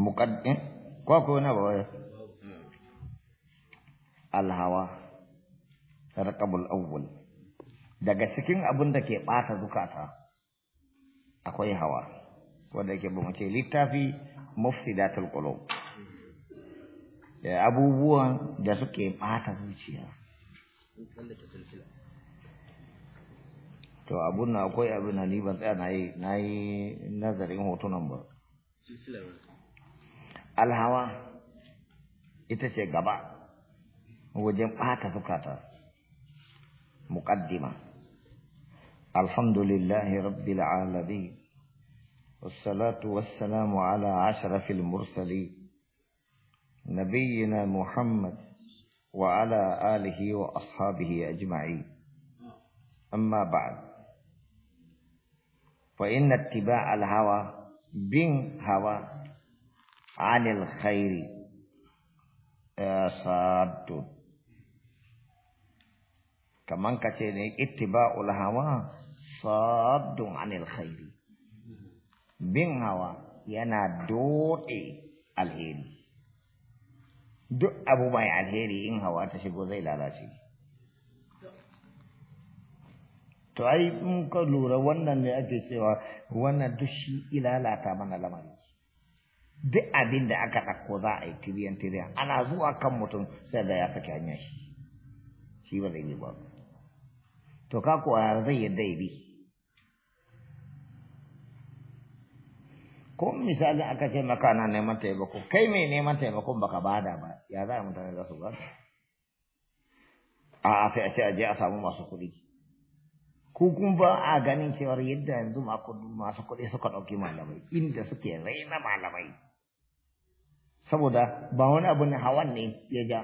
muqaddim ko ko na ba alhawa sarqabul awwal daga cikin abin da ke bata zukata akwai hawa wanda yake ba ce littafi mufsidatul qulub abubuwan da suke bata zuciya to abun na akwai abin na ni ban tsaya na yi nazarin hotunan ba alhawa ita ce gaba wajen ɓata مقدمة الحمد لله رب العالمين والصلاة والسلام على أشرف المرسلين نبينا محمد وعلى آله وأصحابه أجمعين أما بعد فإن اتباع الهوى بين هوى عن الخير صاد كمان كتيني اتباع الهوى صاد عن الخير بين هوا ينا دوتي الهين دو ابو ماي الهيري ان هوا تشيغو زي لالاشي to ai in ka lura wannan ne ake cewa wannan duk shi ilalata mana lamari duk abin da aka ɗauko za a yi tiriyan tiriyan ana zuwa kan mutum sai da ya saki hanyar shi shi ba zai yi ba to ka a zai yadda ya bi ko misali aka ce maka na neman taimako kai mai neman taimakon baka bada ba ya za a mutane za su ba a sai a ce a je a samu masu kuɗi ko kun ba a ganin cewar yadda yanzu masu kuɗi suka ɗauki malamai inda suke raina malamai saboda ba wani abu ne hawan ne ya ja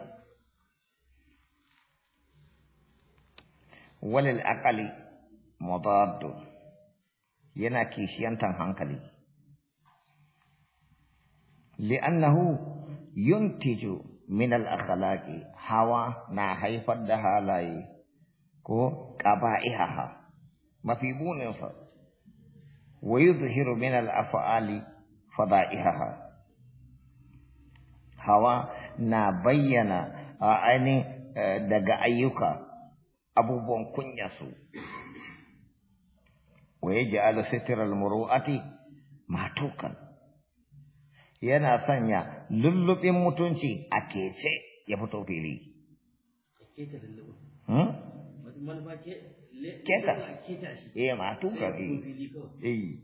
walil aqali mudaddu yana kishiyantan hankali li'annahu yuntiju min al-akhlaqi hawa na haifar da halaye ko qaba'iha mafi bunin sa wa yuzhiru min al-af'ali fada'iha hawa na bayyana a ainihin e, daga ayyuka abubuwan kunya su wa yaj'alu sitral muru'ati matukan yana sanya lullubin mutunci a kece ya fito fili keta hmm? eh matukan eh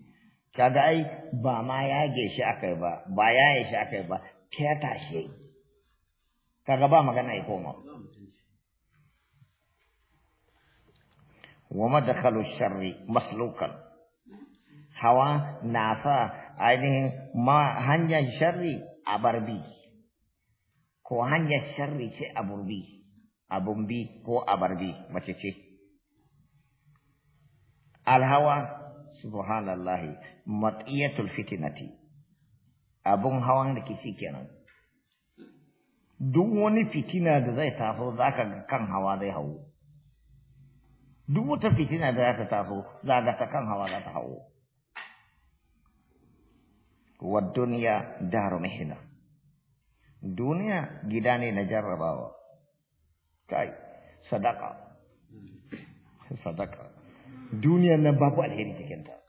kaga ai ba ma yage shi akai ba ba yaye shi akai ba sai ya tashi yayi kaga ba magana ya koma wa madkhalu sharri maslukan hawa nasa ainihin ma hanyar sharri a barbi ko hanyar sharri ce a burbi a bumbi ko a barbi mace ce alhawa subhanallahi matiyatul fitinati. abun hawan rikici kenan duk wani fitina da zai taso za ka ga kan hawa zai hau duk wata fitina da za ta taso za ga ta kan hawa za ta hau wa duniya daru mihina duniya gida ne na jarrabawa kai sadaka sadaka duniya na babu alheri cikinta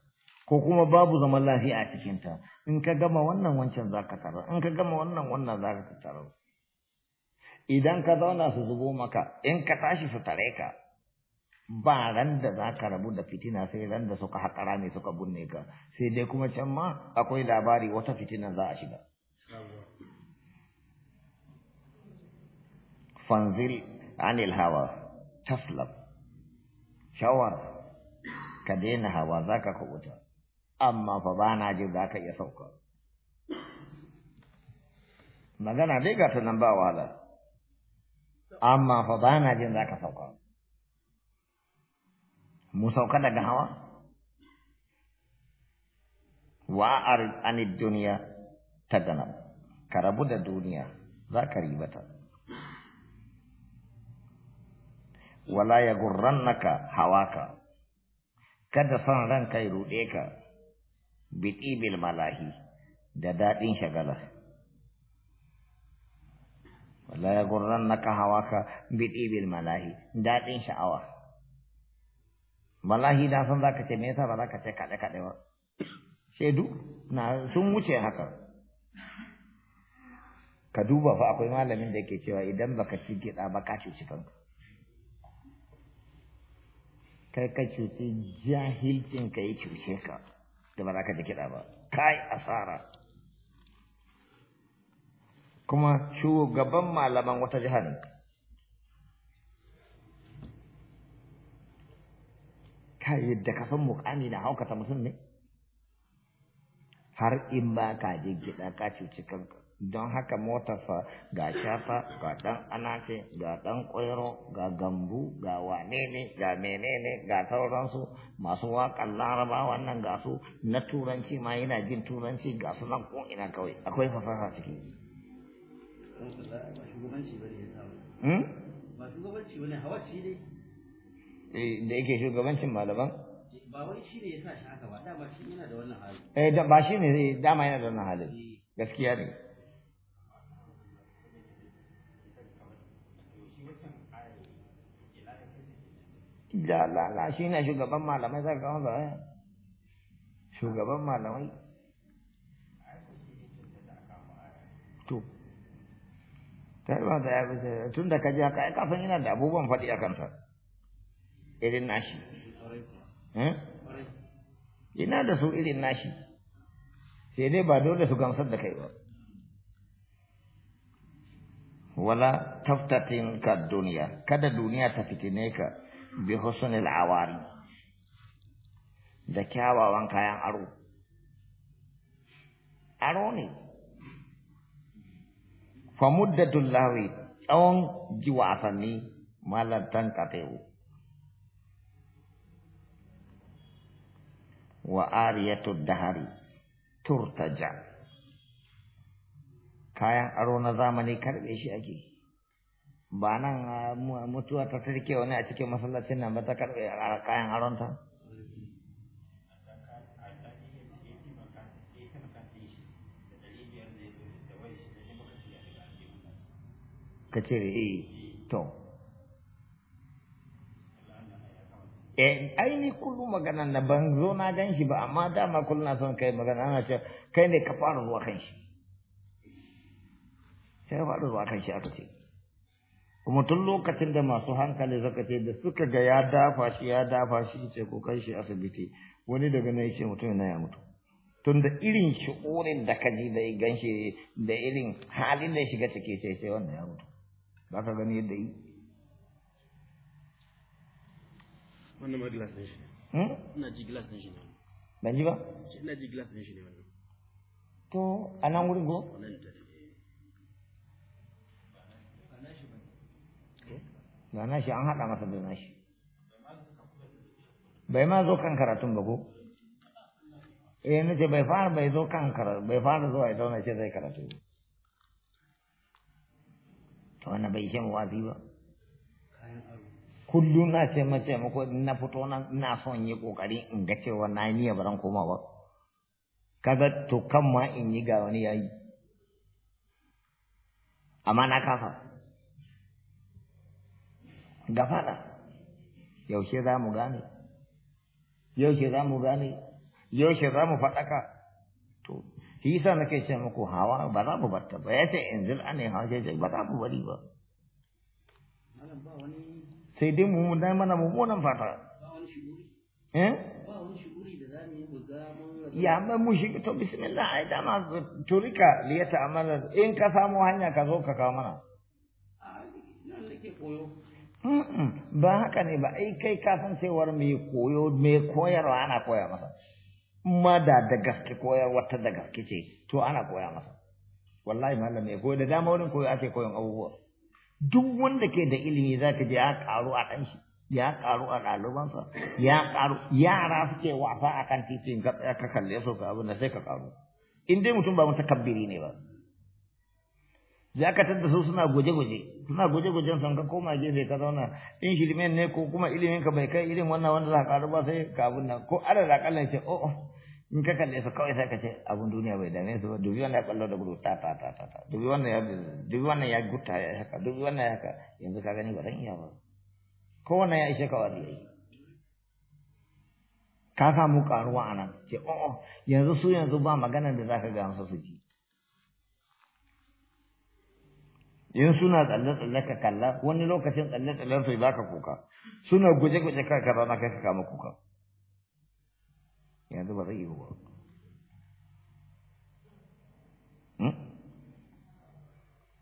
ko kuma babu zaman lafiya a cikinta in ka gama wannan wancan za ka tarar in ka gama wannan wannan za ka tarar idan ka zauna su zubo maka in ka tashi su tare ka ba ran da za ka rabu da fitina sai ran da suka haƙa rami suka binne ka sai dai kuma can ma akwai labari wata fitina za a shiga fanzil anil hawa taslab Shawar ka daina hawa za ka kubuta amma fa ba na jin za ka iya sauka magana dai ga ta nan ba wahala amma fa ba na jin za ka sauka mu sauka daga hawa Wa ar anid duniya ta ganam ka rabu da duniya za ka ribata wala ya gurrannaka hawaka kada son ranka ya ruɗe ka bitibil malahi da daɗin shagala wala ya gurran naka hawaka bitibil malahi daɗin sha'awa malahi na san zaka ce me yasa ba zaka ce kaɗe kaɗe ba shaidu na sun wuce haka ka duba fa akwai malamin da yake cewa idan baka ci gida ba ka cuci kanka kai ka cuci jahilcin ka yi cuce ka da ba za ka ji kiɗa ba kai asara kuma shugaban malaman wata jihar ne ka yadda ka san mukami na haukata mutum ne har in ba ka je kiɗa ka cuci kanka don haka motarsa ga shafa ga ɗan anace ga ɗan ƙwairo ga gambu ga wane ne ga menene ga sauransu masu waƙan laraba wannan ga su na turanci ma yana jin turanci ga su nan ko ina kawai akwai fasaha ciki hmm? eh, da yake shugabancin malaman eh, ba wai shi ne ya sa shi haka ba dama shi yana da wannan hali eh ba shi ne dama yana da wannan hali. Eh. gaskiya ne da lala shi ne shugaban malamai wanzu shugaban malamai to ta yi ba da tun da ka ji haka ya yana da abubuwan faɗi a kansa irin nashi ina da su irin nashi sai dai ba dole su gamsar da kai ba wala taftatin ka duniya kada duniya ta fitine ka bi husnul awari da kyawawan kayan aro aro ne fa muddatul lawi tsawon giwasanni malantan katewu wa ariyatud dahari turtaja kayan aro na zamani karbe shi ake ba nan mutuwa ta tarke wani a cikin masallacin nan ba ta karɓe kayan aronta ka ce eh to eh aini kullum magana na ban zo na gan shi ba amma dama kullum na son kai magana ana ce kai ne ka fara zuwa kan shi sai ka fara zuwa kan shi aka ce kuma tun lokacin da masu hankali zaka ce da suka ga ya dafa shi ya dafa shi ce ko kai shi asibiti wani daga nan yace mutum na ya mutu tun da irin shi da ka ji bai gan shi da irin halin da shiga ciki sai sai wannan ya mutu ba ka gani yadda yi wannan ma glass ne shi hmm? ina ji glass ne shi ne ban ji ba ina ji glass ne shi ne wannan to a nan wurin go da nashi an haɗa masa da nashi bai ma zo kan karatun ba ko eh na ce bai fara bai zo kan karatu bai fara zuwa ya zauna ce zai karatu to wannan bai shan wazi ba kullum na ce mace mako na fito nan ina son yi kokari in ga cewa na yi niyya baran koma ba kaga to kan ma in yi ga wani yayi amma na kafa da yaushe za mu gane yaushe za mu gane yaushe za mu faɗaka to shi yasa nake ce muku hawa ba za mu batta ba ya ce yanzu ana hawa ce ba za mu bari ba sai dai mu dai mana mummunan fata eh ya amma mu shi to bismillah ai dama turika liyata amana in ka samu hanya ka zo ka kawo mana ba haka ne ba ai kai kasancewar cewar mai koyo mai koyarwa ana koya masa ma da da gaske koyarwa ta da gaske ce to ana koya masa wallahi malam mai koyo da dama wurin koyo ake koyon abubuwa duk wanda ke da ilimi zaka je ya karu a kan shi ya karu a ɗalibansa ya karu yara suke wasa a kan titin ka kalle su ka abin da sai ka karu in dai mutum ba mutakabbiri ne ba za ka tadda su suna gwaje-gwaje suna gwaje-gwajen sun ka koma gefe ka zauna in shirmen ne ko kuma ilimin ka bai kai irin wannan wanda za ka ba sai ka abun nan ko ala da kallon ce o oh, oh. in ka kalle su kawai sai ka ce abun duniya bai dame su ba dubi wannan ya kwallo da gudu ta ta ta ta dubi wannan ya dubi wannan ya gutta ya haka dubi wannan ya haka yanzu ka gani ba zan iya ba ko wannan ya ishe ka wani yayi ka samu karuwa anan ce o oh, yanzu su yanzu ba magana da ka ga musu su ji in suna tsalle-tsalle ka kalla wani lokacin tsalle-tsallen su za ka kuka suna guje-guje ka kaza na kai ka kama kuka yanzu ba zai yi ba hmm?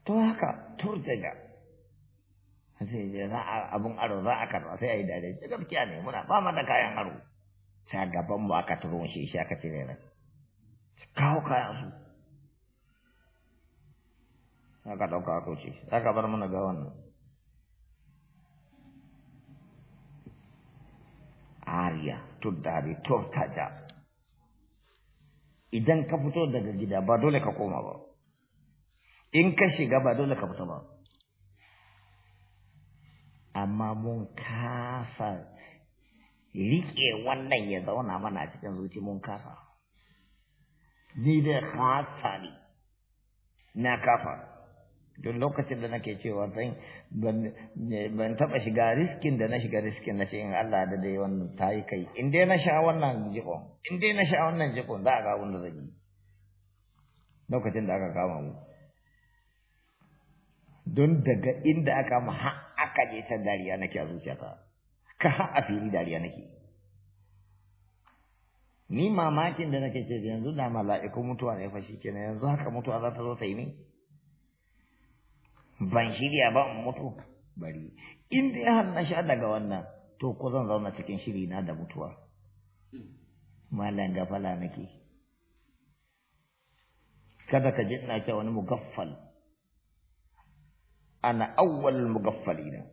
to haka turjaja sai je za a abun aro za a karba sai a yi dare ce gaskiya ne muna fama da kayan aro sai gaban mu aka turo shi shi aka ce ne kawo kayan su aka ɗauka aka wuce aka bar mana ga wannan ariya tuddari tortaja idan ka fito daga gida ba dole ka koma ba in ka shiga ba dole ka fita ba amma mun kasa riƙe wannan ya zauna mana a cikin zuci mun kasa ni da kasa ne na kasa duk lokacin da nake cewa zan ban taba shiga riskin da na shiga riskin na ce in Allah da dai wannan ta yi kai in dai na sha wannan jikon in dai na sha wannan jikon za a ga wanda zan yi lokacin da aka kama mu don daga inda aka mu ha aka je ta dariya nake a zuciyata ka ha a fili dariya nake ni mamakin da nake ce yanzu da mala'iku mutuwa ne fa kenan yanzu haka mutuwa za ta zo ta yi ni ban shirya ba in mutu bari in dai har na sha daga wannan to ko zan zauna cikin shiri na da mutuwa malan gafala nake kada ka ji ina cewa wani mugaffal ana awwal mugaffalina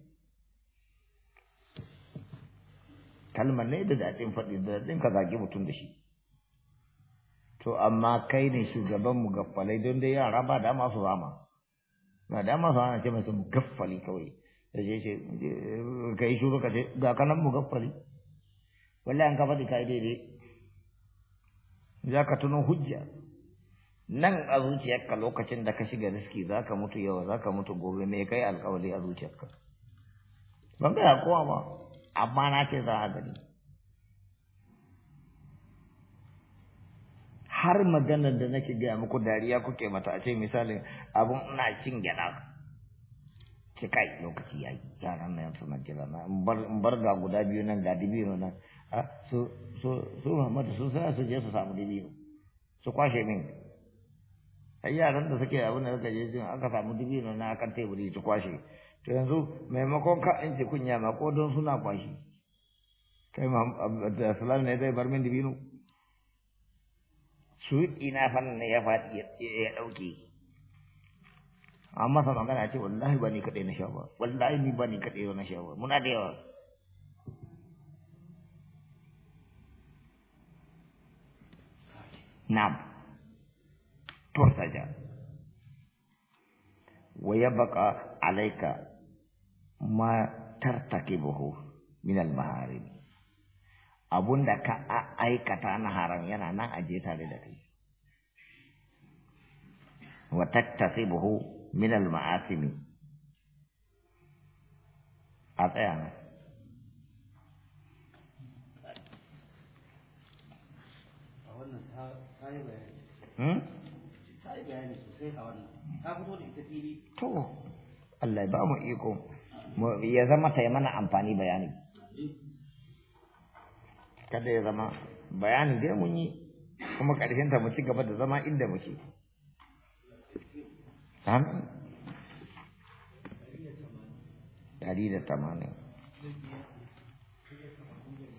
kalmar ne da daɗin faɗi da daɗin ka zagi mutum da shi to amma kai ne shugaban mugaffalai don dai yara ba da masu zama ba dama sa ana ce masa mugaffali kawai da je ce ka yi shuru ka ce ga kanan mugaffali wallahi an kafa ka yi daidai za ka tuno hujja nan a zuciyarka lokacin da ka shiga riski za ka mutu yawa za ka mutu gobe me kai alkawali a zuciyarka ban gaya kowa ba amma na ce za a gani har maganar da nake gaya muku dariya kuke mata a ce misalin abun ina cin gyaɗa ce kai lokaci ya yi yaran na yansu na jira na in bar ga guda biyu nan ga dibino nan ah, su su muhammadu su sa su je su samu dibino su kwashe min ai yaran da suke abin da suka je jin aka samu dibino na akan teburi su kwashe to yanzu maimakon ka in ce kunya ma ko don suna kwashi kai ma salamu ne zai bar min dibino shuit ina fannin ya faɗi ya ɗauke an masa magana ce wallahi ba ni kaɗai na sha ba wallahi ni ba ni kaɗai na sha ba muna da yawa wa yabqa alayka ma tartakibuhu min al abun da ka aikata na haram yana nan aje tare da kai wa taktasibuhu min al-ma'asimi a tsaya nan To, Allah ba mu iko, ya zama ta yi mana amfani bayani. Eh. kada ya zama bayanin da mun yi kuma ƙarshen ta mu ci gaba da zama inda muke Dari da tamanin.